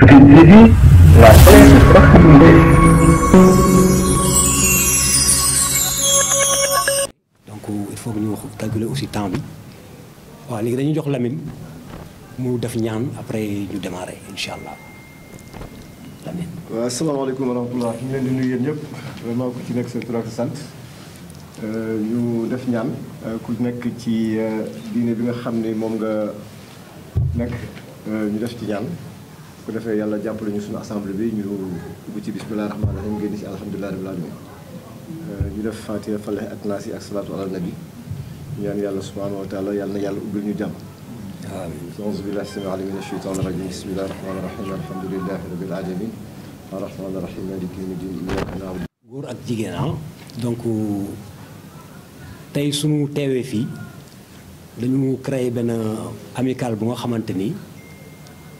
que donc il faut que ñu calculer aussi temps bi waaw léegi dañuy jox lamin mu def ñaan après ñu démarrer incha allah Lamine. waaw asalaamaaleykum wa rahmatulah ñu leen di nuyu yéen ñëpp vraiment ku ci nekk sa tur ak sa euh, ñu def ñaan euh, ku nekk ci euh, diine bi nga xam ne moom nga nekk ñu def ci ñaan. ko defee yàlla jàppale ñu suñu assemblée bi ñu dugg ci bisimilah rahmaani rahiim génn ci alhamdulilah rabbil la euh, ñu def Fatiha Faleh ak Naas yi ak salaatu ala nabi yàlla subhaanahu wa taala yàlla na yàlla ubbil ñu jàmm. amiin auzu billahi samii alim min ashaytaani rajim bisimilah rahmaani rahiim alhamdulilah rabbil alamin arrahmaani rahiim maaliki yawmi diin iyyaka na'budu góor ak jigéen ah donc euh, tey suñu teewee fii dañu créé benn amical bu nga xamante ni.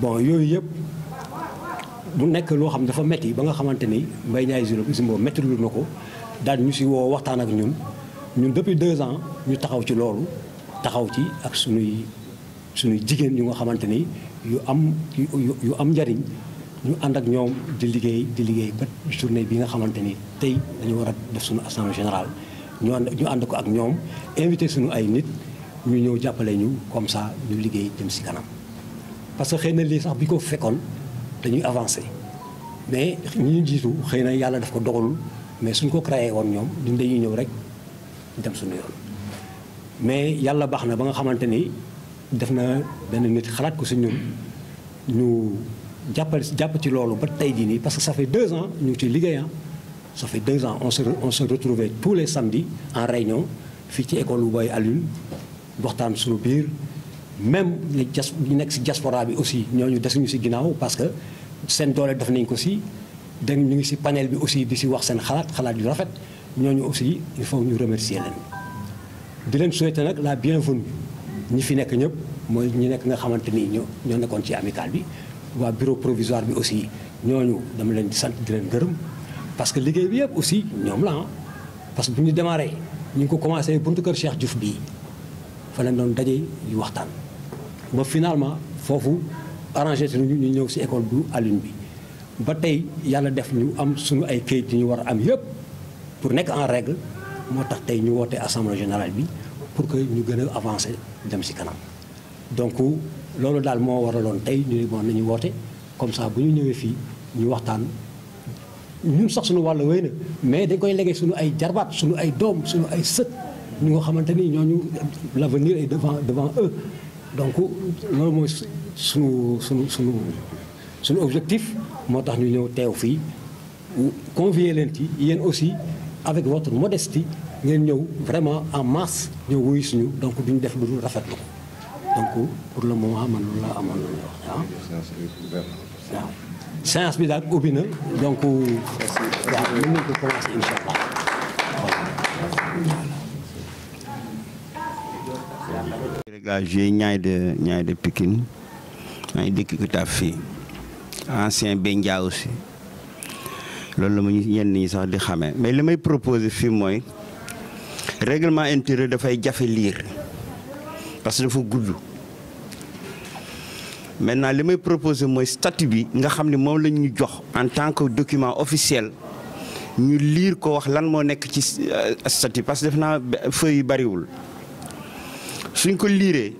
bon yooyu yëpp mu nekk loo xam dafa metti ba nga xamante ni Mbaye Ndiaye Zimbo metti lu na ko daal ñu si woo waxtaan ak ñun ñun depuis deux ans ñu taxaw ci loolu taxaw ci ak suñuy suñuy jigéen ñu nga xamante ni yu am yu am njariñ ñu ànd ak ñoom di liggéey di liggéey ba journée nga xamante ni tey dañu war a suñu assemblée générale ñu ñu ànd ko ak ñoom invité suñu ay nit ñu ñëw jàppale ñu comme ça ñu liggéey jëm si kanam parce que les mais nous disons rien de faire mais nous avons créé nous, duñ dañuy faire rek dem mais nous avons ba nga faire. nit ko faire des parce que ça fait deux ans nous sommes hein. ça fait deux ans on se retrouvait tous les samedis en réunion même les diasporas diaspora aussi nous parce que seen doole def ko nous ñu ngi panel aussi di si wax seen xalaat xalaat yu aussi il faut nous remercier leen. di leen souhaiter la bienvenue ñi fi ñi nga nous ci bureau provisoire aussi nous dama leen di sant di leen gërëm parce que liggéey bi yëpp aussi ñoom la ah. parce que nous ñu nous ñu ko commencé buntu kër Cheikh mais finalement il vous, arranger ñu une ñëw si école à bi ba def ñu am suñu ay pour en règle nous avons voté ñu assemblée générale pour que nous puissions avancer dem donc lors de le mot tey nous avons bon nañu comme ça nous ñu ñëwee nous ñu Nous sax suñu mais dañ koy legee suñu ay jarbaat suñu ay doom suñu ay nous l'avenir est devant devant eux donc notre objectif nous avons ñu convier aussi avec votre modestie nous avons vraiment en masse de wuy suñu donc def donc pour le moment man la un peu donc j'ai Niaï de, Niaï de Pékin, Niaï de Kikutafi, ancien Benga aussi. loolu la ma yenn ñi sax di xamee mais li may proposé fii règlement intérieur faire jafe lire parce que faut gudd maintenant li may proposé mooy statut bi nga xam ne moom ñu jox en tant que document officiel ñu lire ko wax lan moo nekk ci euh, statut parce que def naa feuille yu bariwul suñ ko liiree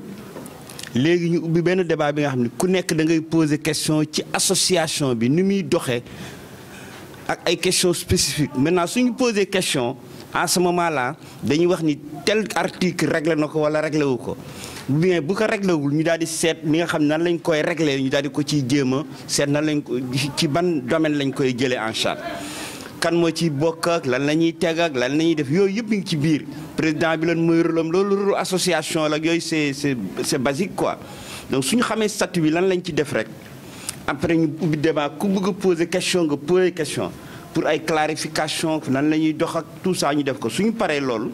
légui ñu ubbi ben débat bi nga xamni ku nekk da ngay poser question ci association bi ni muy doxé ak ay questions spécifiques maintenant suñu poser question à ce moment là dañuy wax ni tel article réglé nako wala réglé wu ko bien bu ko réglé wul ñu daal di seet li nga xam nan lañ koy réglé ñu daal di ko ci jéem a nan lañ ko ci ban domaine lañ koy jëlee en charge kan mo ci bokk ak lan lañuy tégg ak lan lañuy def yoy yëpp ngi ci biir président bi lan mooy rôlam association la yoy c'est c'est c'est basique quoi donc suñu xamé statut bi lan lañ ci def rek après ñu ubbi débat ku bëgg poser question nga poser question pour ay clarification nan lañuy dox ak tout ça ñu def ko suñu paré loolu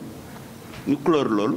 ñu clore loolu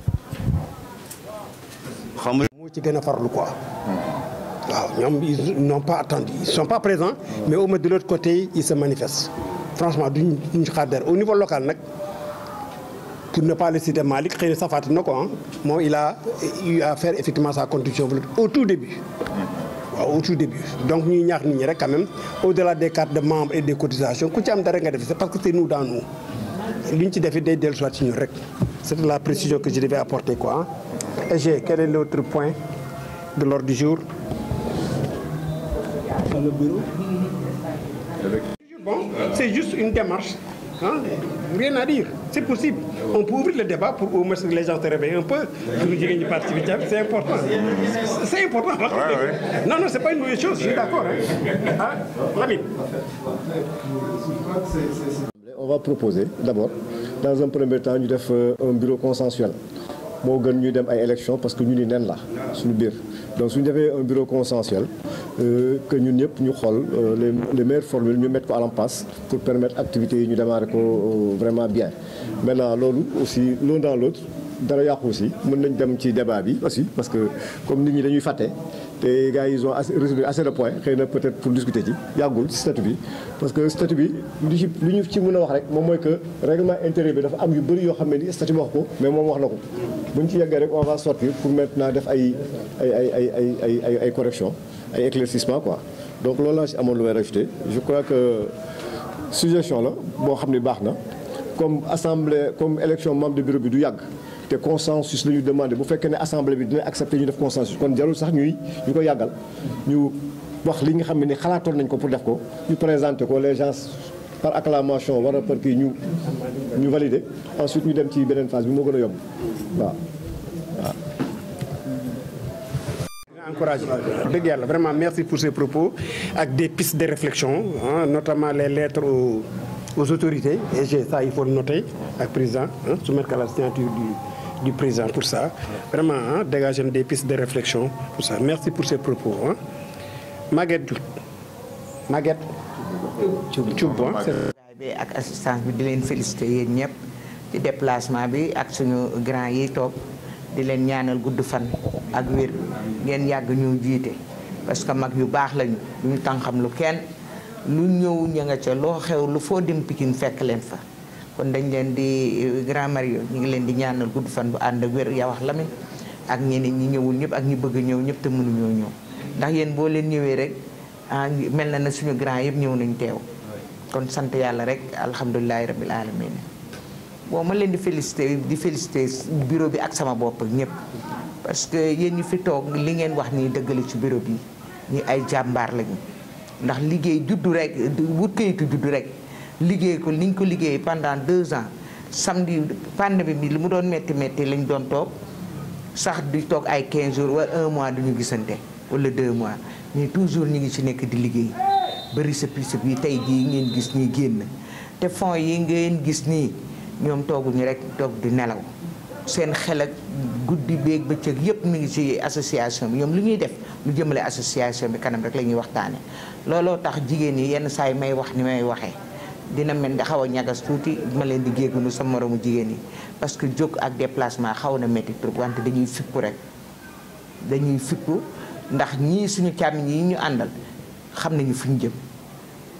ils n'ont pas attendu ils ne sont pas présents. mais au moins de l'autre côté ils se manifestent. franchement au niveau local pour ne pas laisser de malik, il a eu à faire effectivement sa contribution au tout début. au tout début donc nous, quand même au delà des cartes de membres et des cotisations c'est parce que c'est nous dans nous. c'est la précision que je devais apporter quoi. Hein j'ai. quel est l'autre point de l'ordre du jour Le bureau. c'est juste une démarche. Hein? Rien à dire. C'est possible. On peut ouvrir le débat pour que les gens se réveillent un peu. une partie participation, c'est important. C'est important. Non, hein. Non, non, c'est pas une mauvaise chose, je suis d'accord. Hein? hein On va proposer, d'abord, dans un premier temps, de faire euh, un bureau consensuel nous gën ñuy dem ay élection parce que nous sommes là, sur le bureau donc nous avions un bureau consensuel euh, que ñun ñëpp ñu euh, les les meilleures formules nous mettre ko à l'impasse pour permettre l'activité de ñu démarrer ko euh, vraiment bien maintenant loolu aussi l'un dans l'autre dara yàqu aussi nous avons ci débat aussi parce que comme nous ñi fait, les les gars ils ont assez assez de points peut-être pour discuter ci a un statut bi parce que statut bi li ci que a wax rek que règlement intérieur bi dafa am yu statut mais wax ko mais nous, wax buñ ci yeggee rek on va sortir pour maintenant def ay ay ay ay ay ay ay correction ay éclaircissement quoi donc loolu laa si amoon lu may je crois que suggestion la boo xam ne baax na comme assemblée comme élection membre de bureau bi du yàgg te consensus la ñu demandé bu fekkee ne assemblée bi dina accepté ñu def consensus kon jarul sax ñuy ñu ko yàggal ñu wax li nga xam ne xalaatoon nañ ko pour def ko ñu présenté ko les gens par acclamation on va que que nous ñu valider ensuite nous avons une petite phase bi moo gën a vraiment merci pour ces propos Avec des pistes de réflexion hein, notamment les lettres aux, autorités et ça il faut le noter le président hein, soumettre à la signature du, président pour ça vraiment hein, dégagez dégager des pistes de réflexion pour ça merci pour ces propos Maguette Thioub bi ak assistance bi di leen félicité yéen ñëpp ci déplacement bi ak suñu grand yi toog di leen ñaanal gudd fan ak wér ngeen yàgg ñu jiite parce que mag yu baax lañu duñu tànxam lu kenn lu ñëw ña ca loo xew lu foo dem pikin fekk leen fa kon dañ leen di grand mario ñu ngi leen di ñaanal gudd fan bu ànd ak ya wax la mi ak ñeneen ñi ñëwul ñëpp ak ñi bëgg ñëw ñëpp te mënuñoo ñëw ndax yéen boo leen ñëwee rek ah mel na ne suñu grand yëpp ñëw nañu teew kon sant yàlla rek alhamdulilahi rabil alamin bon ma leen di félicité di félicité bureau bi ak sama bopp ñëpp parce que yéen ñi fi toog li ngeen wax nii dëggale ci bureau bi ñi ay jàmbaar lañu ndax liggéey juddu rek wut kayitu juddu rek liggéey ko niñ ko liggéey pendant deux ans samdi pandémie bi lu mu doon métti métti lañ doon toog sax di toog ay quinze jours wala un mois duñu gisante wala deux mois ñi toujours ñu ngi ci nekk di liggéey bëri sëppi sëpp yi tey jii ngeen gis ñi génn te fonds yi ngeen gis nii ñoom tooguñu rek toog du nelaw seen xel ak guddi beeg bëccëg yépp mi ngi ci association bi ñoom lu ñuy def lu jëmale association bi kanam rek la ñuy waxtaane looloo tax jigéen yi yenn saa yi may wax ni may waxee dina mel ni xaw a ñagas tuuti ma leen di nu sa moroomu jigéen yi parce que jóg ak déplacement xaw na métti trop wante dañuy fippu rek dañuy fippu ndax ñii suñu càmmiñ yi ñu àndal xam nañu fu ñu jëm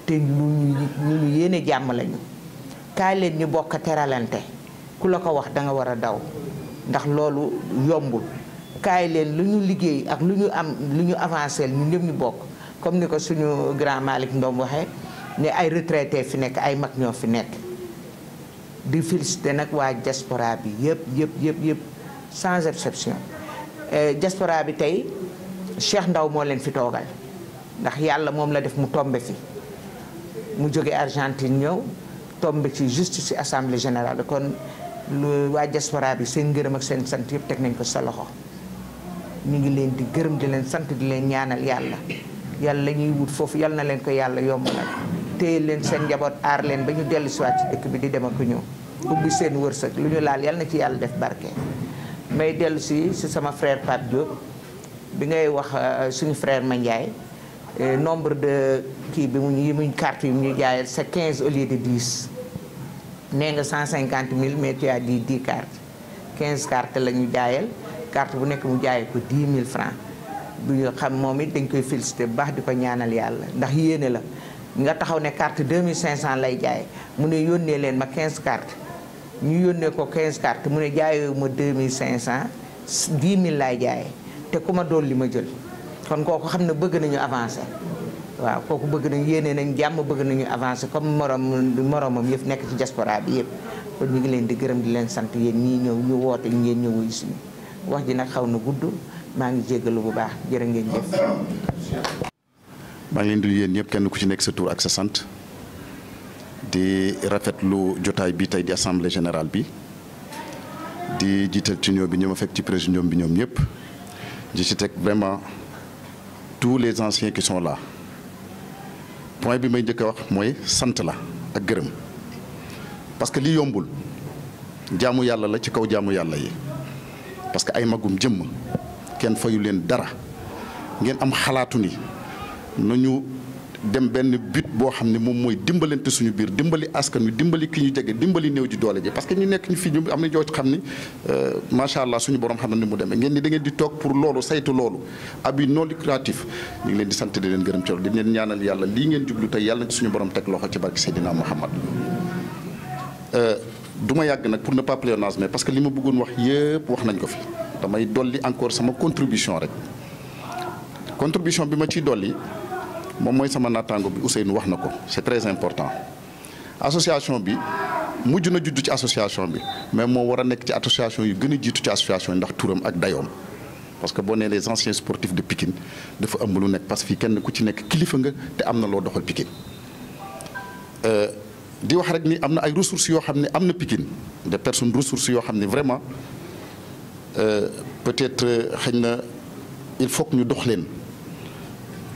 te lu ñu ñu yéene jàmm lañu kaay leen ñu bokk teralante ku la ko wax da nga war a daw ndax loolu yombul kaay leen lu ñu liggéey ak lu ñu am lu ñu avancé ñu ñëpp ñu bokk comme ni ko suñu grand Malick Ndom waxee ne ay retraité fi nekk ay mag ñoo fi nekk di félicité nag waa diaspora bi yëpp yëpp yëpp yëpp sans exception eh, diaspora bi tey Cheikh Ndaw moo leen fi toogal ndax yàlla moom la def mu tombe fi mu jóge Argentine ñëw tombe ci juste ci assemblée générale kon lu waa diaspora bi seen ngërëm ak seen sant yëpp teg nañ ko sa loxo ñu ngi leen di gërëm di leen sant di leen ñaanal yàlla yàlla la ñuy wut foofu yàlla na leen ko yàlla yombalal téye leen seen njaboot aar leen ba ñu dellu si ci dëkk bi di dem ak ñëw ubbi seen wërsëg lu ñu laal yàlla na ci yàlla def barke. may dellu si si sama frère Pape Diop. bi ngay wax euh, suñu frère Mandiaye euh, nombre de kii bi mu yi muñ carte yi ñu jaayal sa 15 au lieu de 10 nee nga 150 000 di di as dit 10 cartes 15 cartes la ñu jaayal carte bu nekk mu jaayee ko 10 000 francs bu ñu xam moom it dañ koy félicité bu baax di ko ñaanal yàlla ndax yéene la nga taxaw ne carte 2500 lay jaay mu ne yónnee leen ma 15 cartes ñu yónnee ko 15 cartes mu ne jaayoo ma 2500 10 mille laay jaaye te ku ma dool li ma jël kon kooku xam ne bëgg nañu avancé waaw kooku bëgg nañu yéene nañ jàmm bëgg nañu avancer comme morom moromam yëpp nekk ci diaspora bi yëpp kon ñu ngi leen di gërëm di leen sant yéen ñii ñëw ñu woote ngeen ñëw wuyu suñu wax ji nag xaw na gudd maa ngi jéggalu bu baax jërë ngeen def. maa ngi leen di nuyu yéen ñëpp kenn ku ci nekk sa tur ak sa sant di rafetlu jotaay bi tey di assemblée général bi di jiital ci ñoo bi ñu ma fekk ci président bi ñoom ñëpp. je cite vraiment tous les anciens qui sont là point bi may njëkk wax que la ak parce que li yombul jaamu parce que ay magum qui dara dem benn but boo xam ne moom mooy dimbalante suñu biir dimbali askan wi dimbali ki ñu jege dimbali néew ji doole ji parce que ñu nekk ñu fi ñu am na ñoo xam ni euh, macha allah suñu borom xam na ni mu demee ngeen ni da ngeen di toog pour loolu saytu loolu abi non lucratif ñu di sant di leen gërëm ci loolu di leen ñaanal yàlla lii ngeen jublu tey yàlla na ci suñu borom teg loxo ci barke Seydina Muhammad euh, du ma yàgg nag pour ne pas pléonasme parce que li ma bëggoon wax yëpp wax nañ ko fi damay dolli encore sama contribution rek contribution bi ma ciy dolli moom mooy sama nattaango bi Ousseynou wax na ko c'est très important association bi mujj na judd ci association bi mais moo war a nekk ci association yu gën a jiitu ci association yi ndax turam ak dayoom parce que boo les anciens sportifs de Pikine dafa ëmb lu nekk parce que fii kenn ku ci nekk kilifa nga te am na loo doxal Pikine euh, di wax rek ni am ay ressources yoo xam ne Pikine des personnes ressources yoo xam ne vraiment euh, peut-être euh, xëy il faut que ñu dox leen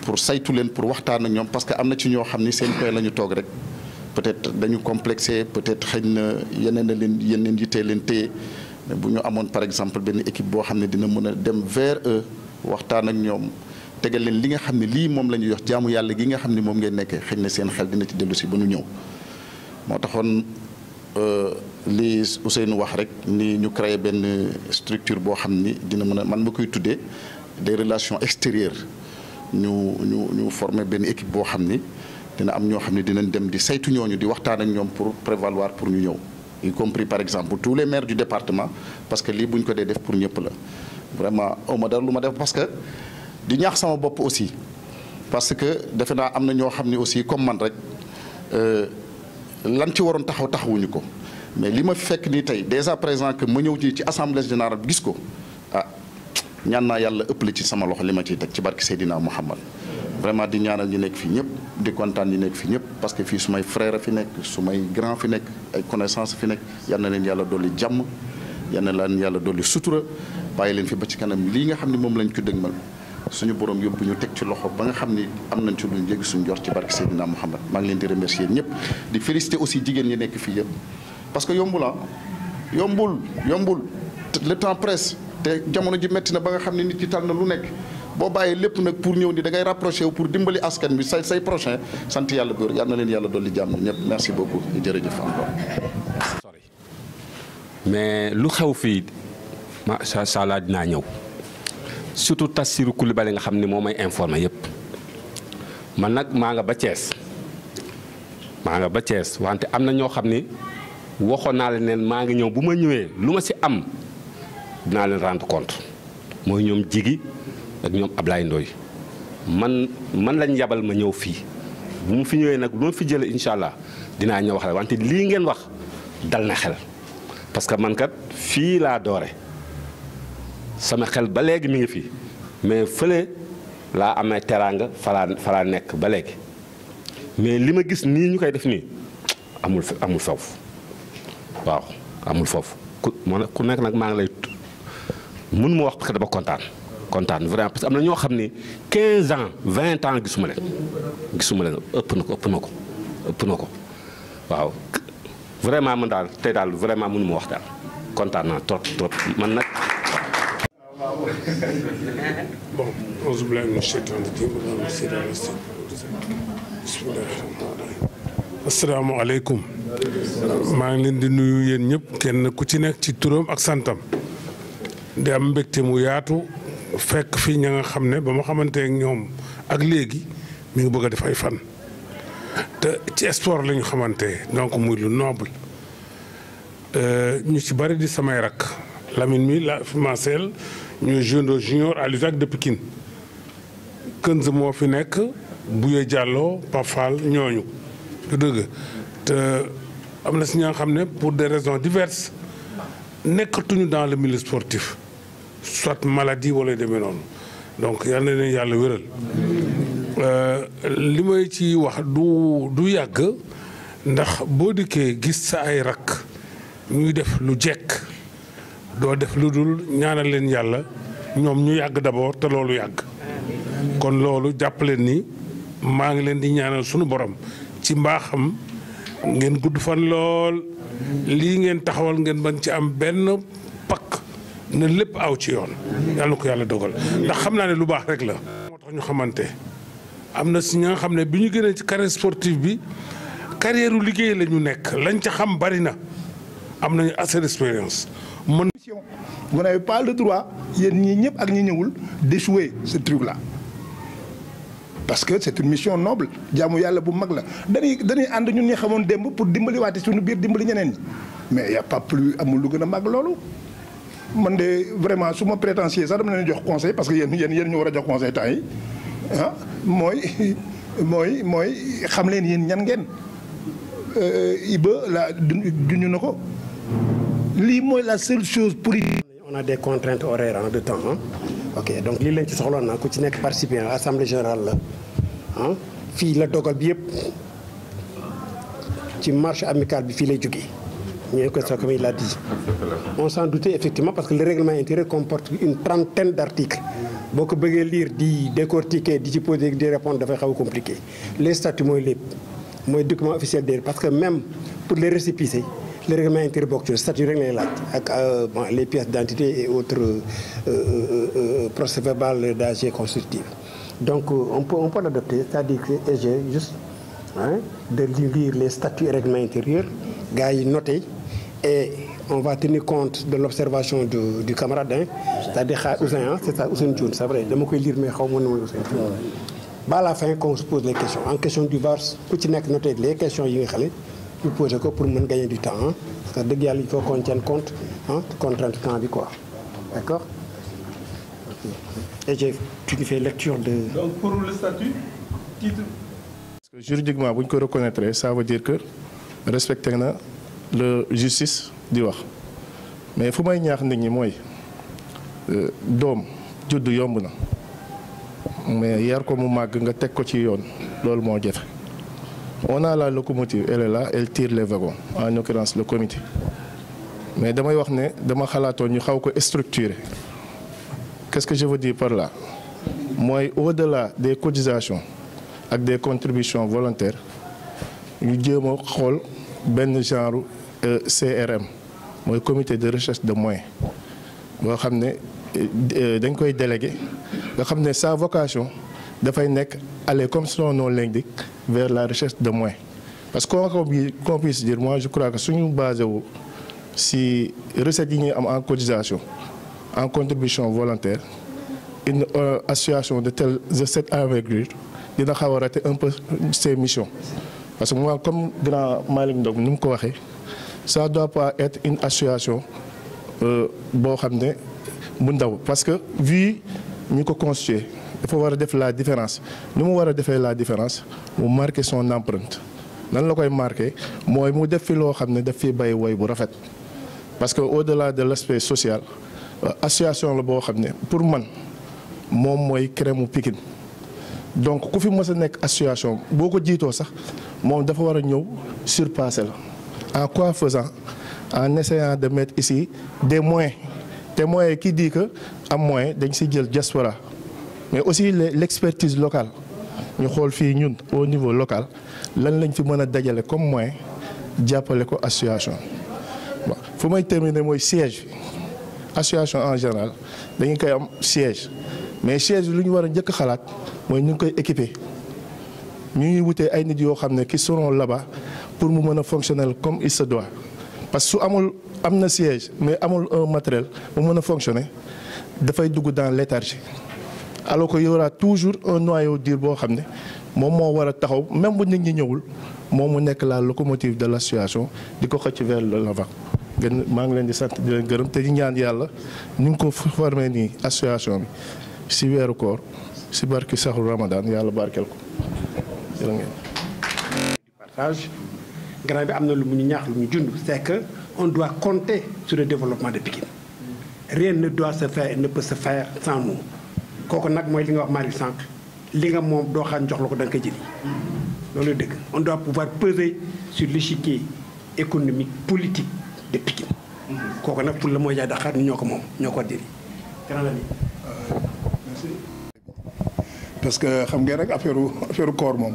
pour saytu leen pour waxtaan ak ñoom parce que am na ci ñoo xam ni seen koy la toog rek peut-être dañu complexé peut-être xëy na yeneen leen yeneen yittee leen téye mais bu ñu par exemple ben équipe boo xam ne dina mën dem vers eux waxtaan ak ñoom tegal leen li nga xam ne lii moom la ñu jox jaamu yàlla gi nga xam ne moom ngeen nekkee xëy na seen xel dina ci dellu si ba ñu ñëw moo taxoon euh, li Ousseynou wax rek ni ñu créer ben structure boo xam ni dina mën man ma koy tuddee des relations extérieures ñu ñu ñu former benn équipe boo xam ni dina am ñoo xam ne dinañ dem di saytu ñooñu di waxtaan ak ñoom pour prévaloir pour ñu ñëw y compris par exemple tous les maires du département parce que lii bu ko dee def pour ñëpp la vraiment awma dara lu ma def parce que di ñaax sama bopp aussi parce que defe naa am na ñoo xam ni aussi comme man rek euh, lan ci waroon taxaw taxawuñu ko mais li ma fekk nii tey dès à présent que ma ñëw ci ci assemblée générale gis ko ñaan naa yàlla ëpp ci sama loxo li ma ciy teg ci barki Seydina Mouhamad vraiment di ñaanal ñu nekk fii ñëpp di kontaan ñu nekk fii ñëpp parce que fii sumay frère fi nekk sumay grand fi nekk ay connaissance fi nekk yal na leen yàlla dolli jàmm yal na leen yàlla dolli sutura bàyyi leen fi ba ci kanam lii nga xam ne moom lañ ko dëgmal suñu borom yóbbu ñu teg ci loxo ba nga xam ni am nañ ci luñ jéggi suñu jor ci barke Seydina Mouhamad maa ngi leen di remercier ñëpp di féliciter aussi jigéen ñi nekk yëpp parce que yombul ah yombul yombul le temps presse te jamono ji metti na ba nga xamni ne nit ki tal na lu nek bo baye lepp nak pour ñew ni da ngay rapprocher pour dimbali askan bi say say prochain sant yalla góor yal na leen yàlla dolli jàmm ñëpp merci beaucoup jërëjëf encore. sorry mais lu xew fii macha allah dinaa ñew surtout Tassirou Coulibaly nga xamni momay informer yep man nak ma nga ba Thiès ma nga ba Thiès wante amna ño xamni waxo ni waxoon naa leen maa ngi ñëw bu ma am. dinaa leen rendre compte mooy ñoom jigi ak ñoom Ablaye Ndoye man man lañ jabal ma ñëw fii bu mu fi ñëwee nag lu ma fi jëlee incha allah dinaa ñëw wax la wante lii ngeen wax dal na xel parce que man kat fii laa doore sama xel ba léegi mi ngi fi mais fële laa amee teraanga falaa falaa nekk ba léegi mais li ma gis nii ñu koy def nii amul amul foofu waaw amul foofu ku nekk nag maa ngi lay mun ma wax parce que dama kontaan kontaan vraiment parce que am na ñoo xam ne 15 ans vingt ans gisuma leen gisuma leen ëpp na ko ëpp na ko ëpp na ko waaw vraiment man daal tey daal vraiment mënu ma wax daal kontaan naa trop trop man nag. bon auzu maa ngi leen di nuyu yéen ñëpp kenn ku ci nekk ci turoom ak santam de mu fan la ñu donc noble euh, ñu ci bari di rak Lamine mi la ñu junior à l'USAC de Pikine fi nekk Pafal ñooñu du pour des raisons diverses nekkatuñu dans le milieu sportif soit maladie wala demee noonu donc yal na leen yàlla wéral euh, li may ci wax du du yàgg ndax boo dikkee gis sa ay rakk ñuy def lu jekk doo def lu dul ñaanal leen yàlla ñoom ñu yàgg d'abord te loolu yàgg kon loolu jàpp leen ni maa ngi leen di ñaanal sunu borom ci mbaaxam ngeen gudd fan lool lii ngeen taxawal ngeen bañ ci am benn ne lepp aw ci yoon yalla ko yalla dogal ndax xamna ne lu bax rek la motax ñu xamanté amna ci si ña nga xam ne bi ci carrière sportive bi carrière liggéey lañu nekk lañ ci xam bari na am nañu assez d'expérience mission vous n'avez pas le droit yéen ñi ñëpp ak ñi ñëwul d'échouer ce truc là parce que c'est une mission noble jaamu yalla bu mag la dañuy dañuy and ñun ñi xamone demb pour dimbali waate suñu biir dimbali ñeneen mais il y a pas plus amul lu gëna mag lolu man de vraiment su prétentieux ça dama leen jox conseil parce que yéen yéen yéen ñu wara jox conseil temps yi ah moy moy mooy xam leen yéen ñan ngeen euh, ibe la duñu nako li moy la seule chose politique. on a des contraintes horaires en de temps hein? ok donc li lañ ci soxloon na ku ci nek participer à hein, l'assemblée générale là hein fi la dogal bi yépp ci marche amicale bi fi lay jógee comme il dit. On s'en doutait effectivement parce que le règlement intérieur comporte une trentaine d'articles. Beaucoup de lire, décortiquer, poser des réponses d'affaires compliqué. Les statuts, les documents officiels, parce que même pour les récépissés, le règlement intérieur, statut règlement avec euh, les pièces d'identité et autres euh, euh, procès verbal d'agir constructif. Donc on peut, on peut l'adopter, c'est-à-dire que j'ai juste hein, de lire les statuts et règlements intérieurs, gars noter et on va tenir compte de l'observation du, camarade, hein, c'est-à-dire Ousain, hein. c'est ça, Ousain Djoun, c'est vrai, je vais lire, mais je ne sais Bah, à la fin, quand on se pose les questions, en question du vars, tout le monde noté les questions nous posons que pour gagner du temps. Hein. parce il faut qu'on tienne compte, hein, contrainte temps avec quoi. D'accord Et j'ai fait lecture de. Donc pour le statut, titre. Juridiquement, vous reconnaîtrez, ça veut dire que respecter le justice di wax mais faut may ñaax nit ñi Dom, euh, doom juddu yomb na mais hier ko mu mag nga teg ko ci on a la locomotive elle est là elle tire les wagons en l'occurrence le comité mais damay wax ne dama xalaatoon ñu xaw qu'est-ce que je veux dire par là Moi, au-delà des cotisations et des contributions volontaires ñu jéem a xool genre CRM le comité de recherche de moyens Il xam ne euh, délégué nga xam sa vocation de faire aller comme son nom l'indique vers la recherche de moyens parce qu'on puisse dire moi je crois que suñu une wu si recettes en cotisation en contribution volontaire une euh, association de telle de cette envergure il doit a un peu ses missions parce que moi comme grand malin, nous ni ça ne doit pas être une association euh, parce que vu que nous constitué il faut faire la différence Nous mu faire la différence mu marquer son empreinte nan la koy marqué nous avons def fi différence. xam ne parce qu'au delà de l'aspect social euh, association pour moi c'est une crème ou donc si fi mës une association beaucoup ko jiitoo sax moom dafa war a en quoi faisant En essayant de mettre ici des moyens. Des moyens qui disent qu'à d'un de diaspora. Mais aussi l'expertise locale. Nous avons au niveau local, nous comme moyen jàppale ko association bon fu may terminer mon siège association en général dañu koy am siège mais siège nous lu ñu un a nous avons mooy ñu koy équiper ñu ngi qui seront là-bas pour mu mën fonctionnel comme il se doit parce que su amul am na siège mais amul un matériel mu mën a fonctionner dafay dugg dans léthargie alors que y aura toujours un noyau dur boo xam ne moom moo taxaw même bu nit ñi ñëwul moom mu la locomotive de l'association di ko xëcc vers l'avant gën maa ngi leen di sant di leen gërëm te ñu ñaan yàlla ñu ngi ko formé nii association bi si weeru koor si barki saxul Ramadan yàlla barkeel ko jërë ngeen partage grand bi am lu mu ñu ñaax lu ñu jund c'est que on doit compter sur le développement de Pikine rien ne doit se faire ne peut se faire sans nous kooku nak moy li nga wax mari sank li nga mom do xam jox la ko da nga koy on doit pouvoir peser sur l'échiquier économique politique de Pikine kooku nak pour le moyen daxaar ñoo ko moom ñoo ko jëli euh, parce que xam ngeen rek affaire affaire koor mom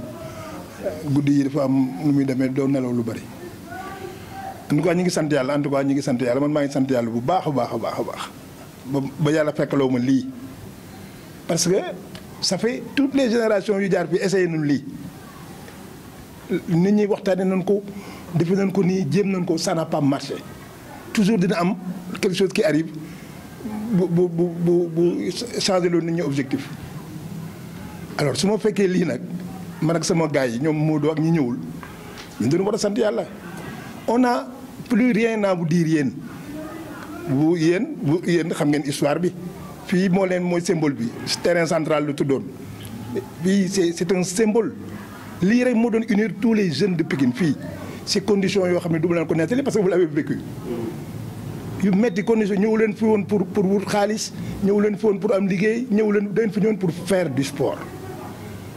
guddi yi dafa am nu muy demee doo nelaw lu bari en tout cas ñu ngi sant yàlla en tout cas ñu ngi sant yàlla man maa ngi sant yàlla bu baax a baax a baax a baax ba ba yàlla fekkaloo parce que ça fait toutes les générations yu jaar fi essayé nañu lii nit ñi waxtaanee nañ ko defe nañ ko nii jéem nañ ko ça n'a pas marché toujours dina am quelque chose qui arrive bu bu bu bu changé loolu nit ñi objectif alors su ma fekkee lii man ak sama gars yi ñoom Modou ak ñi ñewul ñun dañu war sant yalla on a plus rien à vous dire yéen bu yéen bu yéen xam ngeen histoire bi fi mo leen moy symbole bi terrain central lu tuddoon bi c'est c'est un symbole li rek mo doon unir tous les jeunes de Pikine fi si conditions yo xam ne du leen ko netali parce que vous l'avez vécu yu metti condition ñëw leen fi woon pour pour wut xaliss ñëw leen fi woon pour am liguey ñëw leen dañ fi ñëwoon pour faire du sport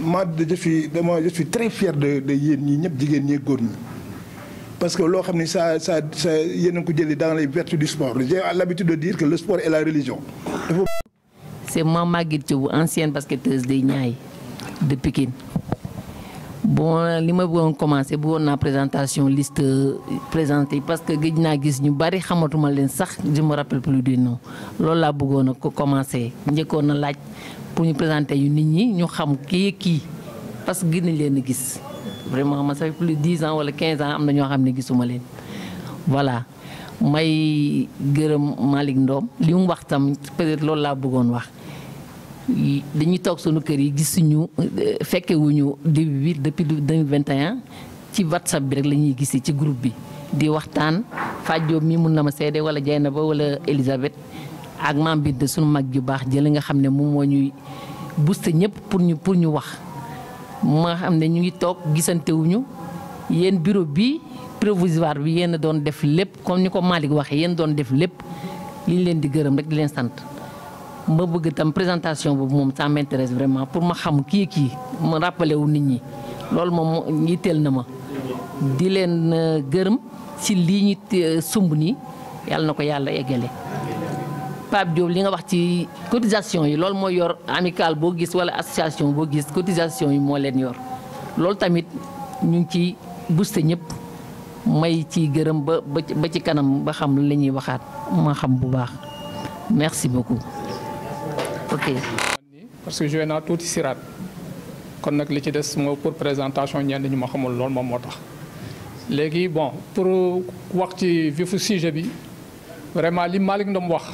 moi je suis je suis très fier de de yéen ñi ñëpp parce que loo xam ça ça ça ko dans les vertus du sport j'ai l'habitude de dire que le sport est la religion. c'est moi Maguette ancienne basketteuse des Niayes de Pékin. bon li ma bëggoon commencer bëggoon la présentation liste présentée parce que gëj naa gis ñu bari xamatuma je me rappelle plus du nom loolu là, bëggoon a ko commencer laaj. pour ñu présenter yu nit ñi ñu xam kii kii parce que gën nañ leen a gis vraiment man sax plus dix ans wala quinze ans am na ñoo xam ne gisuma leen voilà may gërëm Malick ndoom lim wax tam peut-être loolu laa bëggoon wax dañuy toog sunu kër yi gis gisuñu fekkewuñu di bi depuis de vingt 2021 ci WhatsApp bi rek la ñuy gisi ci groupe bi di waxtaan Fadio mii mun na ma seede wala ba wala Elisabeth ak maam bi de sunu mag ju baax jële nga xam ne moom moo ñuy booster ñëpp pour ñu pour ñu wax ma xam ne ñu ngi toog gisantewuñu yéen bureau bi provisoire bi yéen doon def lépp comme ni ko Malick waxee yéen doon def lépp li ñu leen di gërëm rek di leen sant ma bëgg tam présentation boobu moom ça m'intéresse vraiment pour ma xam kii kii ma rappelé wu nit ñi loolu moom yitteel na ma di leen euh, gërëm si lii ñu euh, sumb nii yàlla na ko yàlla eggale Pape Diop li nga wax ci cotisation yi loolu mooy yor amical bo gis wala association bo gis cotisation yi mo len yor loolu tamit ñu ci booster ñep may ci gërëm ba ba ci kanam ba xam la ñuy ma xam bu baax merci beaucoup ok. parce que joué naa tout siraat kon nak li ci des mo pour présentation ñen ñu ma xamul loolu mom motax légui bon pour wax ci vifu sujet bi vraiment li malik Ndom wax.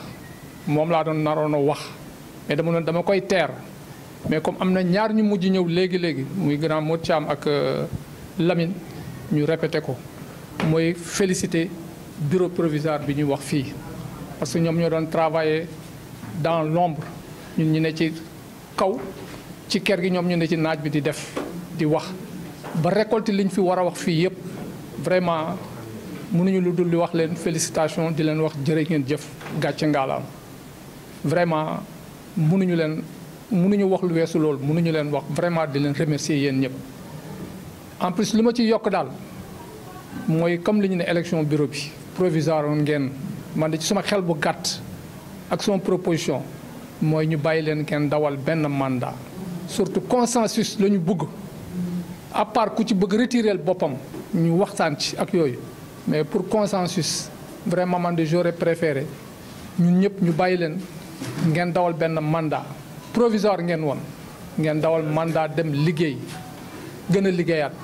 moom laa doon naroon a wax mais dama koy teer mais comme am na ñaar ñu mujj ñëw léegi léegi muy grand Modou Thiam ak euh, lamin ñu répété ko mooy félicité bureau provisoire bi ñuy wax fii parce que ñoom ñoo doon travailler dans l'ombre ñun ñu ne ci kaw ci ker gi ñoom ñu ci naaj bi di def di wax ba récolte liñ fi war a wax fii yëpp vraiment mënuñu lu dul di wax leen félicitation di leen wax jërë ngeen jëf gàcce ngaalaam vraiment mënuñu leen mënuñu wax lu wessu loolu mënuñu leen wax vraiment di leen remercier yeen ñep en plus luma ci yok dal moy comme li ñu élection bureau bi provisoire ngeen man de ci sama xel bu gatt ak sama proposition moy ñu bayi leen ken dawal ben mandat surtout consensus lañu ñu bëgg à part ku ci bëgg retirer bopam ñu waxtaan ci ak yoyu mais pour consensus vraiment man de j'aurais préféré ñun ñep ñu bayi leen ngeen dawal benn mandat provisoire ngeen woon ngeen dawal mandat dem liggéey gën a liggéeyaat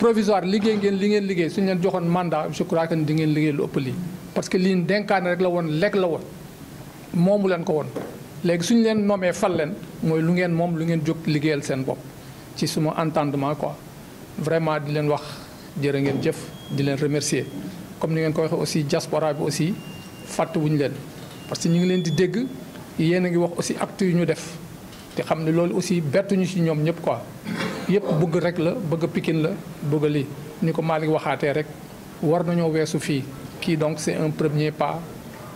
provisoire liggéey ngeen li ngeen liggéey suñ leen joxoon mandat je crois que di ngeen liggéey lu ëpp lii parce que lii denkaane rek la woon lekk la woon moomu leen ko woon léegi suñ leen nommee fal leen mooy lu ngeen moom lu ngeen jóg liggéeyal seen bopp ci suma entendement quoi vraiment di leen wax jërë ngeen jëf di leen remercier comme ni ngeen ko waxee aussi diaspora bi aussi leen parce que ñu ngi leen di dégg yéen a ngi wax aussi actes yu ñu def te xam ne loolu aussi bettuñu ci ñoom ñëpp quoi yëpp bëgg rek la bëgg Pikine la bëgg lii ni ko Malick waxaatee rek war nañoo weesu fii kii donc c'est un premier pas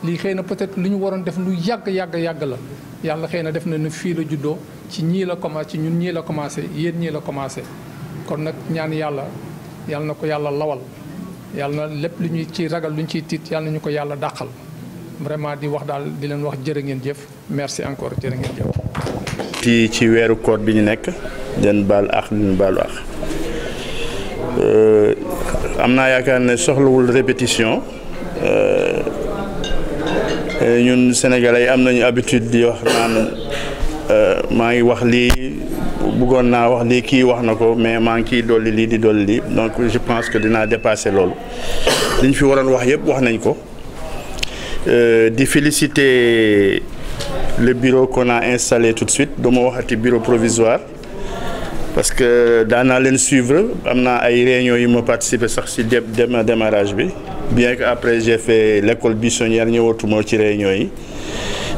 lii xëy na peut-être li ñu waroon def lu yàgg yàgg yàgg la yàlla xëy na def na ne fii la juddoo ci ñii la commencé ci ñun ñii la commencé yéen ñii la commencé kon nag ñaan yàlla yàlla na ko yàlla lawal yàlla na lépp lu ñu ciy ragal lu ciy tiit yàlla na ñu ko yàlla dàqal vraiment di wax daal di leen wax jërë ngeen jëf merci encore jërë ngeen jëf. ci ci weeru koor bi ñu nekk den baal ax den baalu ax euh, am naa yaakaar ne soxlawul répétition euh, ñun sénégalais yi am nañu habitude di wax euh, maa ngi wax lii bëggoon naa wax lii kii wax na ko mais maa ngi kiy dolli lii di dolli lii donc je pense que dinaa dépasser loolu li ñu fi waroon wax yëpp wax nañ ko. Je euh, di féliciter le bureau qu'on a installé tout de suite le waxati bureau provisoire parce que suis allé suivre am naa ay réunions ma participer sax mon démarrage bien que j'ai fait l'école buissonnière ñëwatuma ci réunions yi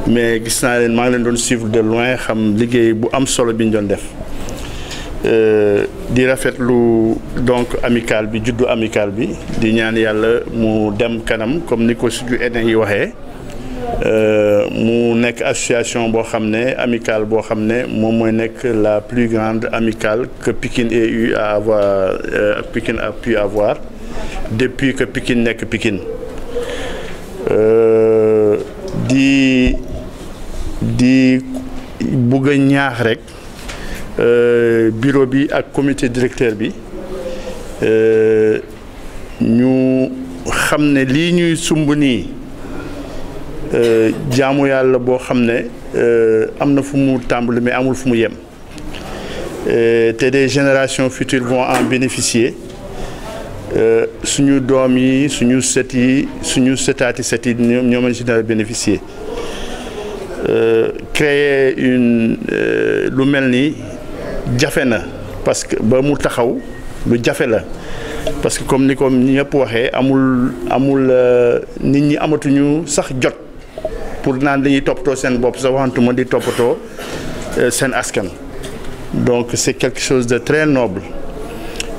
mais gis suis leen suivre de loin je suis bu am solo bi je euh, di rafetlu donc amical bi juddu amical bi di ñaan yalla mu dem kanam comme niko ko suñu aînés yi euh mu nekk association bo xamné amical bo xamné mom moy moom nekk la plus grande amicale que Pikine ait eu à avoir euh, Pikine a pu avoir depuis que Pikine nekk Pikine euh, di di bugg a ñaax rek. Euh, bureau bi ak comité directeur bi euh, ñu xamné li ñuy euh, jaamu mais des générations futures vont en bénéficier suñu nous yi suñu set yi suñu nous bénéficier créer une lu parce que parce que comme ni comme amul amul euh, nit ñi pour dañuy topoto sen sa askan donc c'est quelque chose de très noble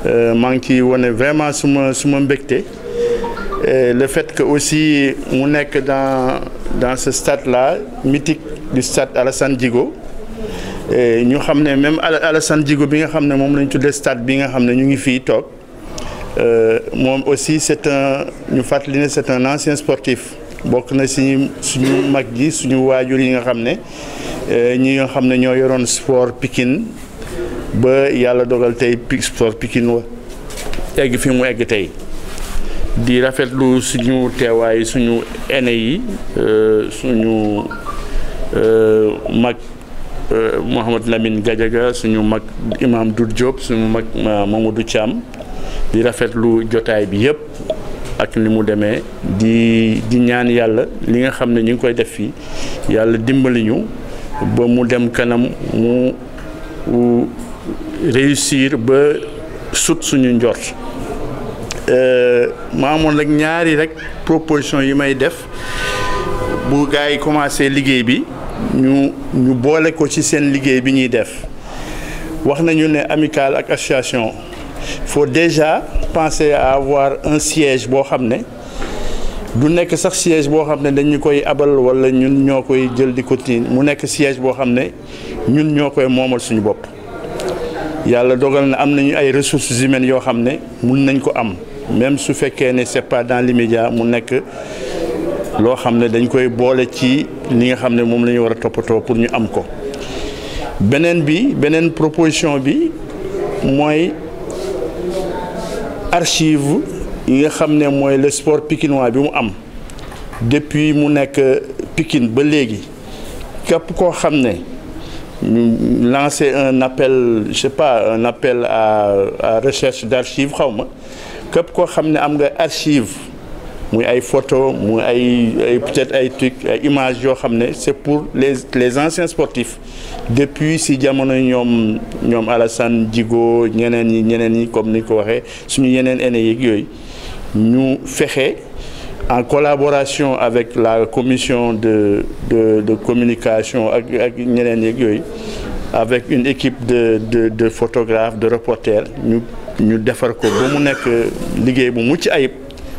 Je euh, vraiment suma suma le fait que aussi on que dans dans ce stade là mythique du stade Alassane Djigo Eh, ñu xam ne même Alassane Djigo bi nga xam ne moom lañ tuddee stade bi nga xam ne ñu ngi fii toog euh, moom aussi c' est un ñu fàttali ne c' est un ancien sportif bokk na si suñu mag yi suñu waajur yi nga xam ne euh, ñi nga xam ne ñoo yoroon sport pikin ba yàlla dogal tey sport pikin wa egg fi mu egg tey di rafetlu suñu teewaay suñu aîné yi euh, suñu mag. Euh, Mouhamad Lamine gajaga suñu mag Imaam Doudou Diop suñu mag euh, Mamadou Thiam di rafetlu jotaay bi yëpp ak ni mu demee di ñaan yàlla li nga xam ne ñu ngi koy def fii yàlla dimbali ñu ba mu dem kanam mu réussir ba sut suñu njort euh, ma amoon ñaari rek proposition yi may def bu gaa yi commencé liggéey bi. ñu ñu boole ko ci seen liggéey bi ñuy def wax nañu ne amicale ak association faut déjà penser à avoir un siège boo xam ne du nekk sax siège boo xam ne dañu koy abal walla ñun ñoo koy jël di ko tiin mu nekk siège boo xam ne ñun ñoo koy moomal suñu bopp yàlla dogal na am nañu ay ressources humaines yoo xam ne mun nañ ko am même su fekkee ne c'est pas dans l'immédiat mu nekk lo xam dañ koy bolé ci li nga xam mom lañu wara ñu pour ñu am ko benen bi benen proposition bi moy archive yi nga xam moy le sport pikinois bi mu am depuis mu nek Pikine ba légui kep ko xam lancer un appel je sais pas un appel à à recherche d'archives xawma kep ko koo am nga archive muy ay photo muy ay ay peut-être ay ay images c'est pour les les anciens sportifs depuis si jamono ñom ñom Alassane Djigo ñeneen ñi ñeneen comme ni ko waxé suñu yeneen aînés yi ñu fexé en collaboration avec la commission de de de communication ak ak ñeneen avec une équipe de de de photographes de reporters ñu ñu défar ko bu mu nek liggéey bu mucc ayib.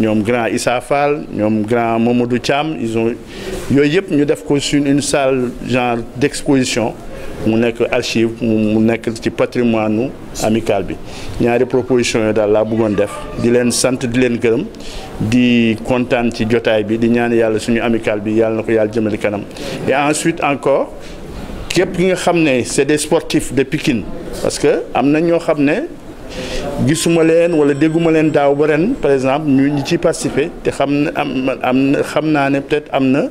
ñoom grand Issa Fall ñoom grand Mamadou Cham, ils ont yooyu ñu def ko une salle genre d'exposition mu nek archive mu nek ci patrimoine nu amical bi ñaari proposition yooyu daal laa bëggoon def di len sante di len gërem di contane ci jotay bi di ñaan yàlla suñu amical bi y nako ko jëmeul kanam et ensuite encore kep ki nga xamné c'est des sportifs de Pikine parce que amna na ñoo gisuma leen wala dégguma leen daaw ba par exemple ñu ñi ci participer té xam am am xam peut-être amna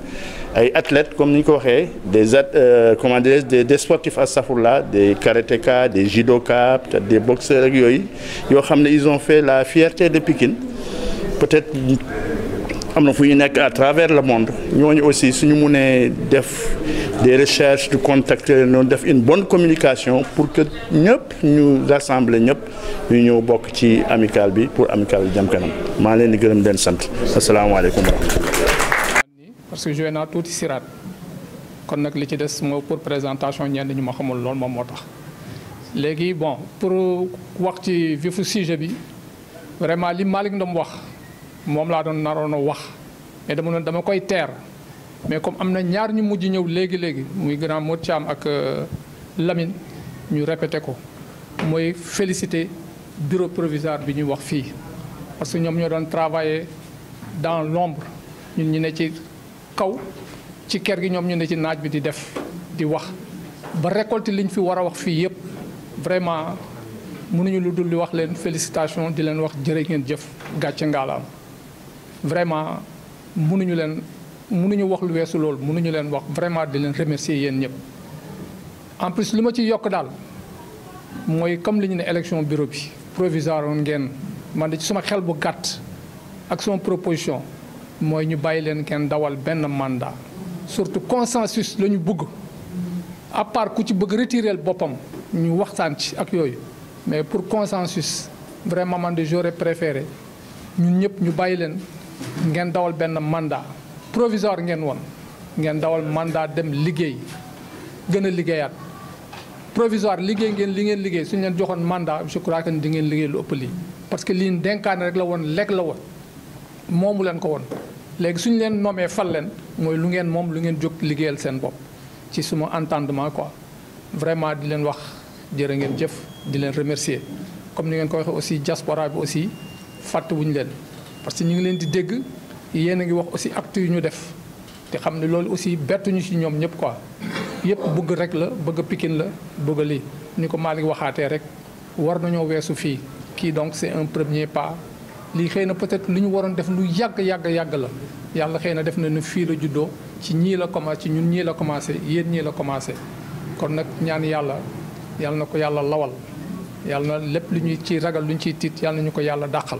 ay athlètes comme ni ko waxé des at euh, comment dirais des des sportifs astafurlah des karatéka des judoka peut-être des boxeurs ak yooyu yoo ils ont fait la fierté de Pikine peut-être am na fu ñu à travers le monde ñooñu aussi suñu mënee def des recherches de contacter noonu def une bonne communication pour que ñëpp ñu rassembler ñëpp ñu ñëw bokk ci amicale bi pour amical bi jëm kanam maa leen di gërëm den sant Assalamu wa parce que joué naa tuuti siraat kon nag li ci des moo pour présentation ñenn ñu ma xamul lool moom moo tax léegi bon pour wax ci vifu sujet bi vraiment li Malick Ndom wax moom laa doon naroon a wax mais dama koy teer mais comme am na ñaar ñu mujj ñëw léegi léegi muy grand Modou Thiam ak euh, lamin ñu répété ko mooy félicité bureau provisoire bi ñu wax fii. parce que ñoom ñoo doon travailler dans l'ombre ñun ñu ne ci kaw ci ker gi ñoom ñu ne ci naaj bi di def di wax ba récolte liñ fi war a wax fii yëpp vraiment mënuñu lu dul di wax leen félicitation di leen wax jërë ngeen jëf gàcce ngaalaam. vraiment mënuñu leen mënuñu wax lu wessu loolu mënuñu leen wax vraiment di leen remercier yeen ñep en plus luma ci yok dal moy comme li ñu ne élection bureau bi provisoire woon ngeen man ci sama xel bu gatt ak sama proposition moy ñu bàyyi leen ken dawal ben mandat surtout consensus lañu ñu bëgg à part ku ci bëgg retirer bopam ñu waxtaan ci ak yooyu mais pour consensus vraiment man de j'aurais préféré ñun ñep ñu bàyyi leen ngeen dawal benn mandat provisoire ngeen woon ngeen dawal mandat dem liggéey gën a liggéeyaat provisoire liggéey ngeen li ngeen liggéey suñ leen joxoon mandat je crois que di ngeen liggéey lu ëpp lii parce que lii denkaane rek la woon lekk la woon moomu leen ko woon léegi suñ leen nommee fal leen mooy lu ngeen moom lu ngeen jóg liggéeyal seen bopp ci suma entendement quoi vraiment di leen wax jërë ngeen jëf di leen remercier comme ni ngeen ko waxee aussi diaspora bi aussi leen parce que ñu ngi leen di dégg yéen a ngi wax aussi actes yu ñu def te xam ne loolu aussi bettuñu ci ñoom ñëpp quoi yëpp bëgg rek la bëgg Pikine la bëgg lii ni ko Malick waxaatee rek war nañoo weesu fii kii donc c'est un premier pas lii xëy na peut-être lu ñu waroon def lu yàgg yàgg yàgg la yàlla xëy na def na ne fii la juddoo ci ñii la commencé ci ñun ñii la commencé yéen ñii la commencé kon nag ñaan yàlla yàlla na ko yàlla lawal yàlla na lépp lu ñu ciy ragal lu ñu ciy tiit yàlla na ñu ko yàlla dàqal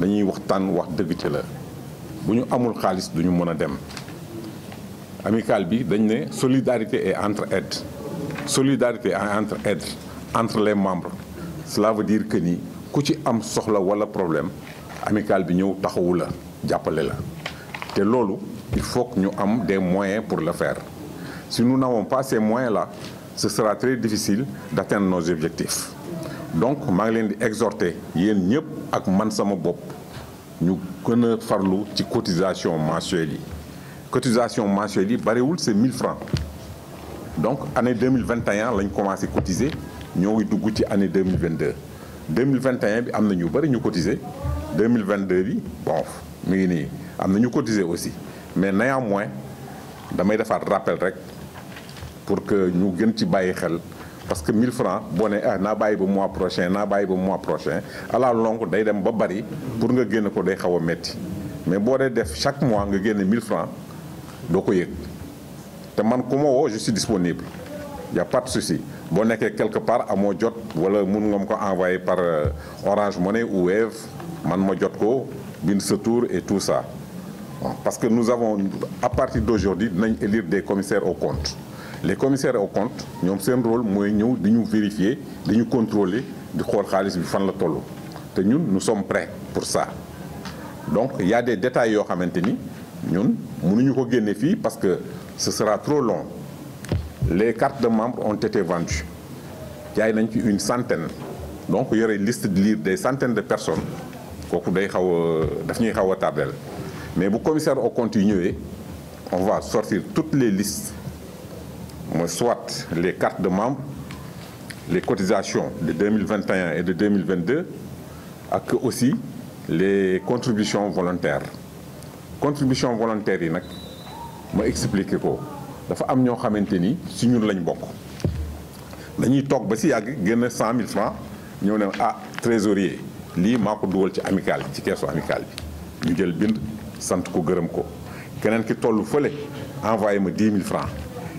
dañuy waxtaan wax dëgg ci la bu ñu amul xaalis duñu mën a dem amical bi dañ ne solidarité et entraide solidarité et entraide entre les membres cela veut dire que ni ku ci am soxla wala problème amical bi ñëw taxawu la jàppale la te loolu il faut que ñu am des moyens pour le faire si nous n'avons pas ces moyens là ce sera très difficile d'atteindre nos objectifs donc maa ngi leen di exhorter yéen ñëpp ak man sama bopp nous avons fait farlu cotisation mensuelle cotisation mensuelle c'est 1000 francs donc année 2021 avons commencé cotiser nous avons dugg ci année 2022 2021 nous avons cotisé. ñu cotiser 2022 bi bon mi cotiser aussi mais néanmoins je voudrais rappel pour que nous gën ci bàyyi xel parce que 1000 francs boné na eh, baye eh, naa mois prochain na baye mois prochain à la longue day dem ba bari pour nga guen ko day xawa a metti mais boo def chaque mois nga guen 1000 francs doo ko te man wo je suis disponible Il y' a pas de souci bo quelque part mo jot wala mun ngam ko par euh, Orange Money ou Eve, man mo jot ko bin tour et tout ça parce que nous avons à partir d'aujourd'hui, nous élire des commissaires au compte les commissaires aux comptes ñoom un rôle de de de vérifier de nous contrôler de xool xaalis bi fan la nous sommes prêts pour ça donc il y a des détails à maintenir. Nous, nous mënuñu ko pas parce que ce sera trop long les cartes de membres ont été vendues Il y a une centaine donc il y une liste de lire des centaines de personnes mais bu commissaire aux comptes on va sortir toutes les listes soit les cartes de membres, les cotisations de 2021 et de 2022, et aussi les contributions volontaires Contributions volontaires, yi vais ma expliquer ko dafa am ñoo xamante que si ñun lañ bokk dañuy toog ba si il francs nous avons un trésorier Li mako un ci amical ci amical bi ñu jël bind sant ko gërëm ko keneen ki tollu envoyé ma 10000 francs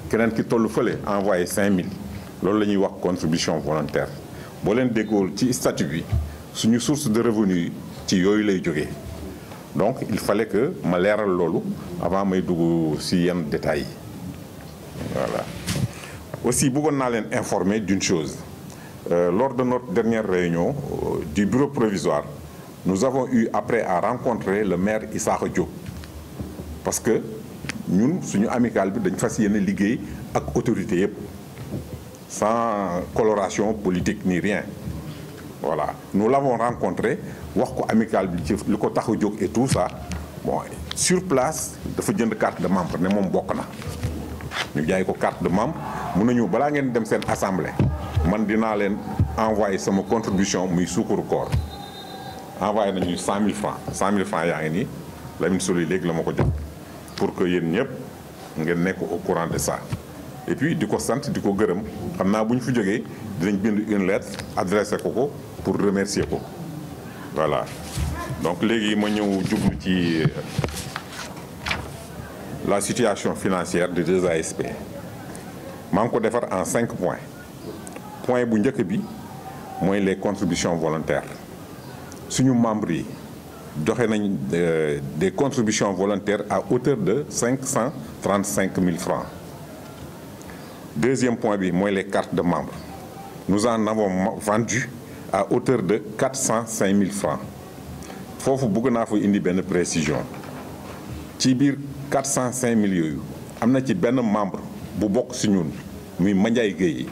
keneen ki tollu fële envoyé 5000 loolu la ñuy wax contribution volontaire boo leen déggool ci statut suñu source de revenu ci yooyu lay donc il fallait que ma leeral loolu avant may dugg ci yenn détails yi voilà. aussi bëggoon naa leen informer d'une chose euh, lors de notre dernière réunion euh, du bureau provisoire nous avons eu après à rencontrer le maire Issa Diop parce que nous, sommes amical, de faire l'autorité sans coloration politique ni rien. Voilà. Nous l'avons rencontré, amical, le et tout ça. sur place, il faut une carte de membre, Il mon bokna. Nous avons une carte de membre. Nous avons une carte de membre. Nous avons une carte de membre. Nous avons une contribution de membre. Nous envoyé 100 000 francs. 100 000 francs, il y a une. La ministre de l'Église, je vais vous pour que yéen ñep ngeen nekk au courant de ça et puis diko sante diko di ko gërëm xam naa dinañ bind une lettre adressée ko ko pour remercier ko voilà donc légui ma ñëw djublu ci euh, la situation financière de deux ASP man ko defar en 5 points point bu njëkk bi moy les contributions volontaires suñu membres euh, des contributions volontaires à hauteur de 535 000 francs. Deuxième point, les cartes de membres. Nous en avons vendu à hauteur de 405 000 francs. Il faut que vous ayez une précision. Tibir 405 000 Il y a membre qui est un membre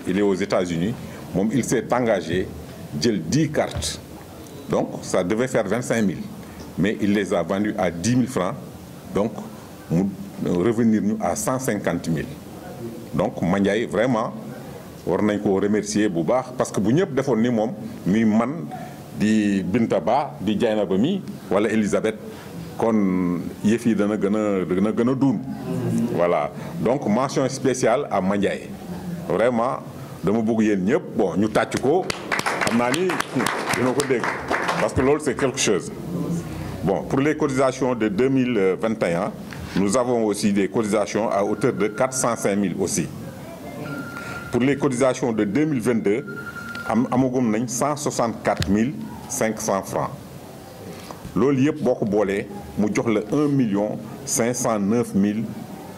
Il est aux États-Unis. Il s'est engagé à 10 cartes. Donc, ça devait faire 25 000 mais il les a vendus à 10 000 francs, donc nous revenir nous à 150 000. Donc vraiment, on nañ remercier bu parce que bu ñëpp man di Bintaba di Elisabeth kon yëf yi dana voilà donc mention spéciale à Mandiaye vraiment dama bëgg yéen ñëpp bon ñu parce que c'est quelque chose Bon, pour les cotisations de 2021, nous avons aussi des cotisations à hauteur de 405 000 aussi. Pour les cotisations de 2022, nous 164 500 francs Le yëpp le le mu 1 509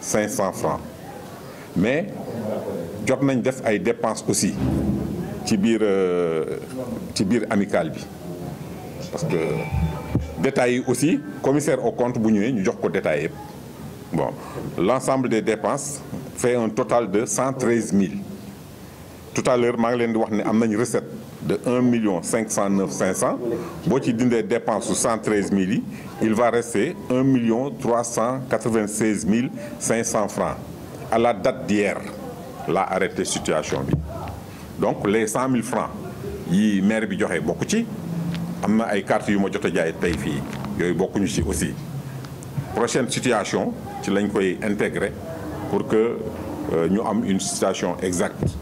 500 francs mais nous avons des dépenses aussi Tibir euh, parce que Détaillé aussi commissaire au compte nous avons dit que des dépenses fait un total de 113 000 tout à l'heure nous avons une recette de 1 509 500 boo des des dépenses 113 000 il va rester 1 396 500 francs à la date d'hier la arrêté situation donc les 100 000 francs ils maire amna ay cartes yu ma jot a jaay tey fii yooyu bokkuñu ci aussi prochaine situation ci lañ koy intégrer pour que euh, ñu am une situation exacte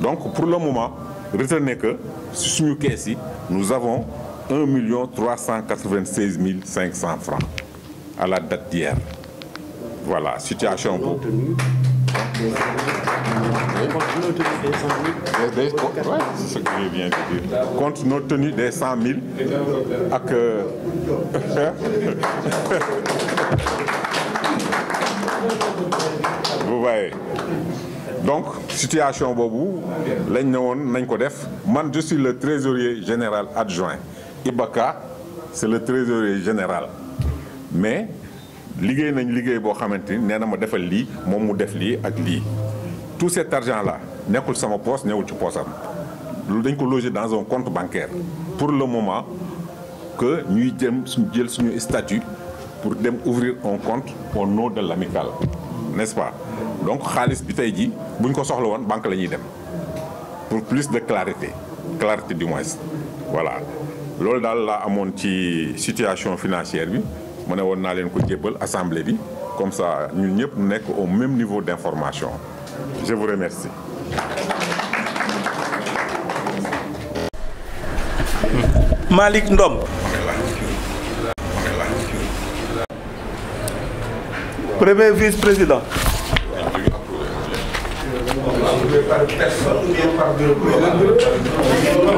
donc pour le moment retenez que si suñu kees nous avons un million francs à la date d'hier voilà situation boobu Contre c'est ce que je viens de Compte nos tenues des 100 000. à euh... Vous voyez. Donc, situation bobu, Def, Man, je suis le trésorier général adjoint. Ibaka, c'est le trésorier général. Mais liggéey nañ liggéey bo xamanteni ni ma defal li moom mu def li ak li tout cet argent là nekkul sama poste ñëwul ci poosam lu dañ ko loger dans un compte bancaire pour le moment que ñuy dem suñu jël suñu statut pour dem ouvrir un compte au nom de l'amicale n'est-ce pas donc xaliss bi tay ji buñ ko soxla won banque lañuy dem pour plus de clarté clarté du moins voilà loolu daal la amone ci situation financière bi je ne woon ko assemblée comme ça nous sommes au même niveau d'information je vous remercie. Malik Ndom. Premier vice-président.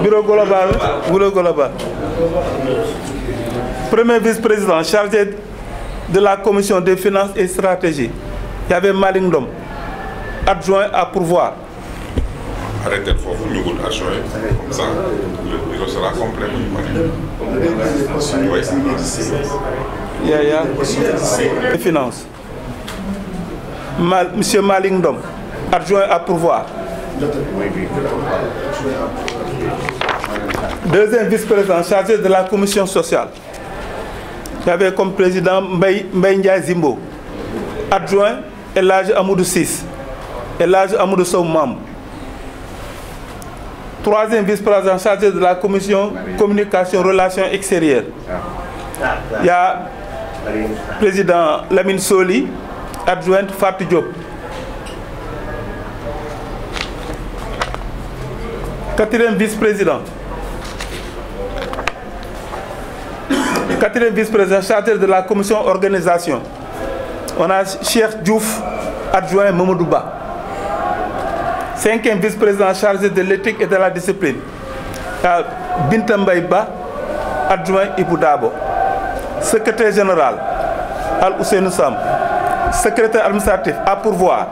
Bureau global, bureau global premier vice-président chargé de la commission des finances et stratégie. Il y avait Malingdom, adjoint à pourvoir. Arrêtez de vous nous adjoint, comme ça, le bureau sera complètement yeah, yeah. Des finances. Monsieur Malingdom, adjoint à pourvoir. Deuxième vice-président chargé de la commission sociale. J'avais comme président Mbaye, Mbaye Zimbo, adjoint Elage Amoudou 6, Elage Amoudou Sow Troisième vice-président chargé de la commission communication relations extérieures. Il y a président Lamine Soli, adjointe Fatou Diop. Quatrième vice-président, Quatrième vice-président, chargé de la commission organisation. On a Cheikh Diouf, adjoint Momodouba. Cinquième vice-président chargé de l'éthique et de la discipline. Bintembaïba, adjoint Iboudabo. Secrétaire général, Al Hussein Sam. Secrétaire administratif à pourvoir.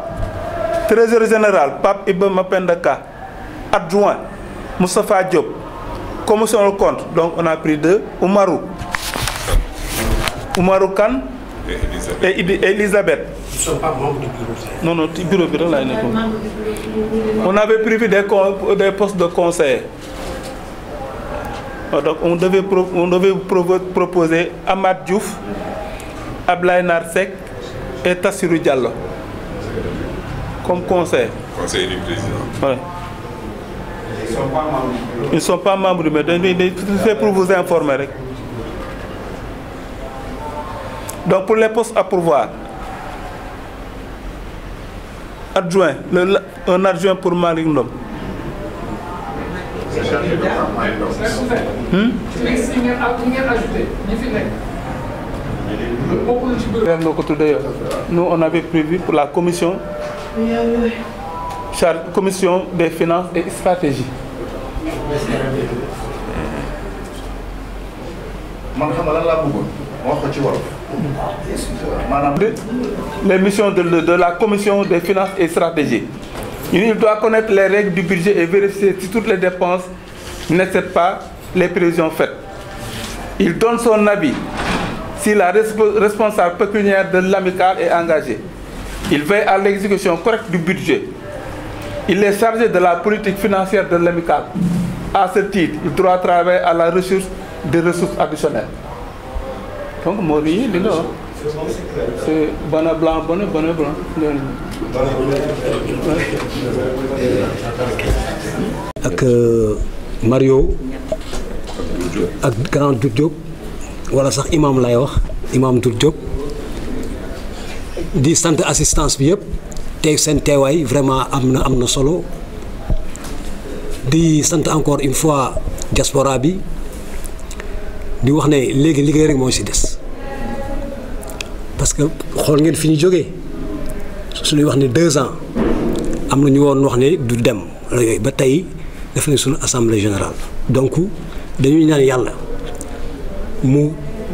Trésor général, Pape Ibn Mapendaka. Adjoint, Moustapha Diop. Commission au compte, donc on a pris deux. Oumarou, Oumarou et Elisabeth Ils ne sont pas membres du bureau. Non, non, tu bureau bi là. on avait prévu des postes de conseil. donc on devait proposer Ahmad Diouf Ablaï Narsek et Tassirou Diallo comme conseil. conseil du président. Ils ne sont pas membres du bureau. Ils ne sont pas membres du bureau mais c'est pour vous informer Avec. Donc pour les postes à pourvoir, adjoint, un adjoint pour Marignum. Hmm? Nous, on avait prévu pour la commission, commission des finances et stratégie. Les missions de, de, la Commission des finances et stratégies. Il doit connaître les règles du budget et vérifier si toutes les dépenses n'acceptent pas les prévisions faites. Il donne son avis si la responsable pécuniaire de l'AMICAL est engagée. Il veille à l'exécution correcte du budget. Il est chargé de la politique financière de l'AMICAL À ce titre, il doit travailler à la recherche des ressources additionnelles. donc mor yi li nga bana blanc bana bana blanc ak euh, mario ak grand Doudou wala sax imam lay wax imam Doudou Diop di sant assistance bi yëpp tey seen teewaay vraiment solo di sant encore une fois diaspora bi di wax ne léegi liggéey rek moo si des parce que xol ngeen fi joggé suñu wax ni 2 ans am na ñu woon wax ni du dem la yooyu ba tay def nañ suñu assemblée générale. donc dañuy ñaan yalla mu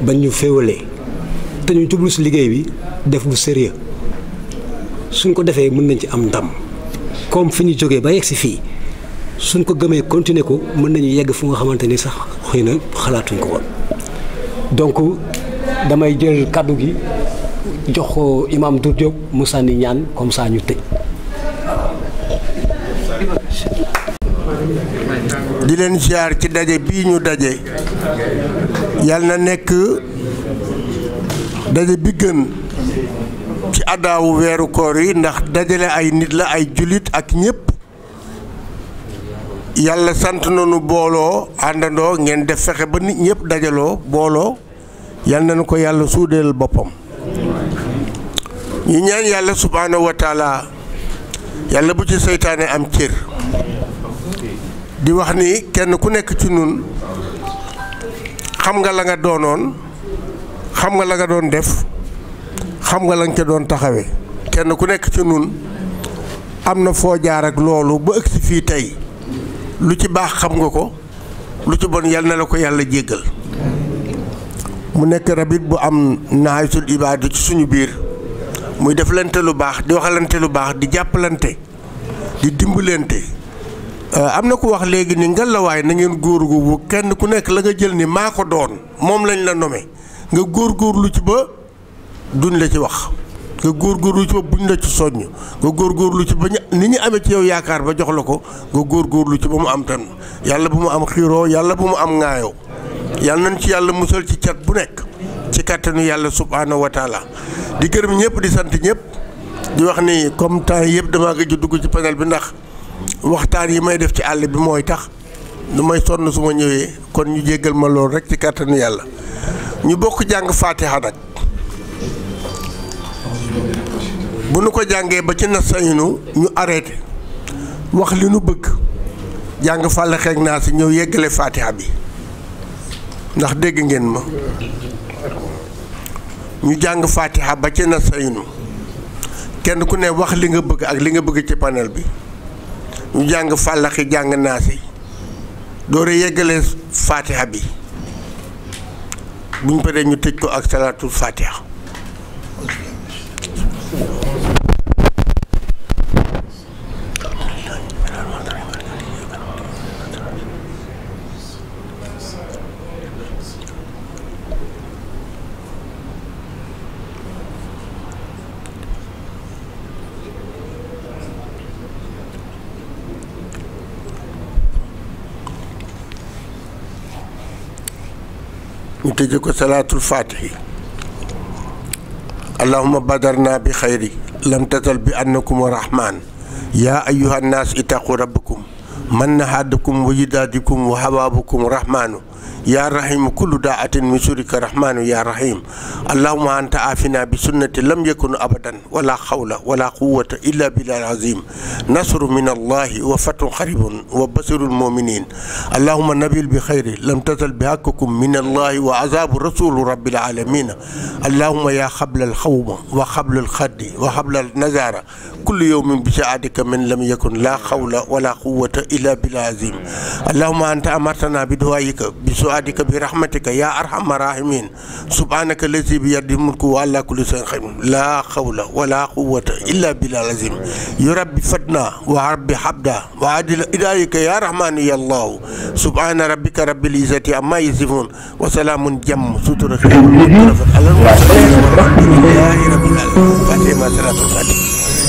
bañ ñu féewalee té ñu tublu si liggéey bi def lu sérieux suñ ko défé mën nañ ci am ndam comme fi joggé ba yex si fii suñ ko gëmé continuer ko mën nañu yegg fu nga xamanteni sax xëy na xalaatuñ ko won donc damay jël cadeau gi. jox ko imam Dour Diop mu sànni ñaan comme ça ñu tëj. di leen ziar ci daje bii ñu daje yal na nekk daje bi gën ci addaawu weeru koor yi ndax dajale ay nit la ay jullit ak ñépp yàlla sant nanu booloo àndandoo ngeen def fexe ba nit ñépp dajaloo booloo yal nañu ko yàlla suudeel boppam ñu ñaan yàlla subhaanahu wa yàlla bu ci seytaane am cër di wax ni kenn ku nekk ci nun xam nga la nga doonoon xam nga la nga doon def xam nga la nga ca doon taxawe kenn ku nekk ci nun am na foo jaar ak loolu ba ëgsi fii tey lu ci baax xam nga ko lu ci bon yàlla na la ko yàlla jéggal mu nekk rabit bu am naayitul ibaadu ci suñu biir muy deflante lu baax di waxalante lu baax di jàppalante di dimbalante euh, am na ku wax léegi ni ngalawaay na ngeen góorgóorlu kenn ku nekk la nga jël ni maa ko doon moom lañ la nome nga góorgóorlu ci ba duñ la ci wax nga góorgóorlu ci ba buñ la ci soññ nga góorgóorlu ci ba ni ñu amee ci yow ba jox la ko nga ci mu am tan yàlla bu mu am xiiroo yàlla bu mu am nañ ci musal ci cat bu ci kàttanu yàlla subhaanahu wa di gërëm ñëpp di sant ñëpp di wax ni comme temps yëpp dama gëj dugg ci panel bi ndax waxtaan yi may def ci àll bi mooy tax du may sonn su ma ñëwee kon ñu jéggal ma loolu rek ci kàttanu yàlla ñu bokk jàng faatiha nag ko jàngee ba ci nasayinu ñu arrêté wax li nu bëgg jàng fàll xeeg naa si ñëw yeggale faatiha bi ndax dégg ngeen ma ñu jàng faatiha ba ci na sayinu kenn ku ne wax li nga bëgg ak li nga bëgg ci panel bi ñu jàng fàllaxi jàng naasi door a yeggalee faatiha bi bu ñu paree ñu tëj ko ak salaatul faatiha تجيكو صلاة الفاتح اللهم بدرنا بخير لم تزل بأنكم الرحمن يا أيها الناس اتقوا ربكم من هادكم ويدادكم وحبابكم رحمانه يا رحيم كل داعة من سورك رحمن يا رحيم اللهم أنت عافنا بسنة لم يكن أبدا ولا خول ولا قوة إلا بالله العظيم نصر من الله وفتح خريب وبصر المؤمنين اللهم نبيل بخير لم تزل بحقكم من الله وعذاب رسول رب العالمين اللهم يا حبل الخوم وحبل الخد وحبل النزارة كل يوم بسعادك من لم يكن لا خول ولا قوة إلا بالله العظيم اللهم أنت أمرتنا بدعائك بسؤال عبادك برحمتك يا أرحم الراحمين سبحانك الذي بيد الملك ولا كل شيء قدير لا حول ولا قوة إلا بالله العظيم يا رب فتنا ورب حبدا وعدل إدارك يا رحمن يا الله سبحان ربك رب العزة عما يصفون وسلام جم ستر خير على رب العالمين فاتحة صلاة الفاتحة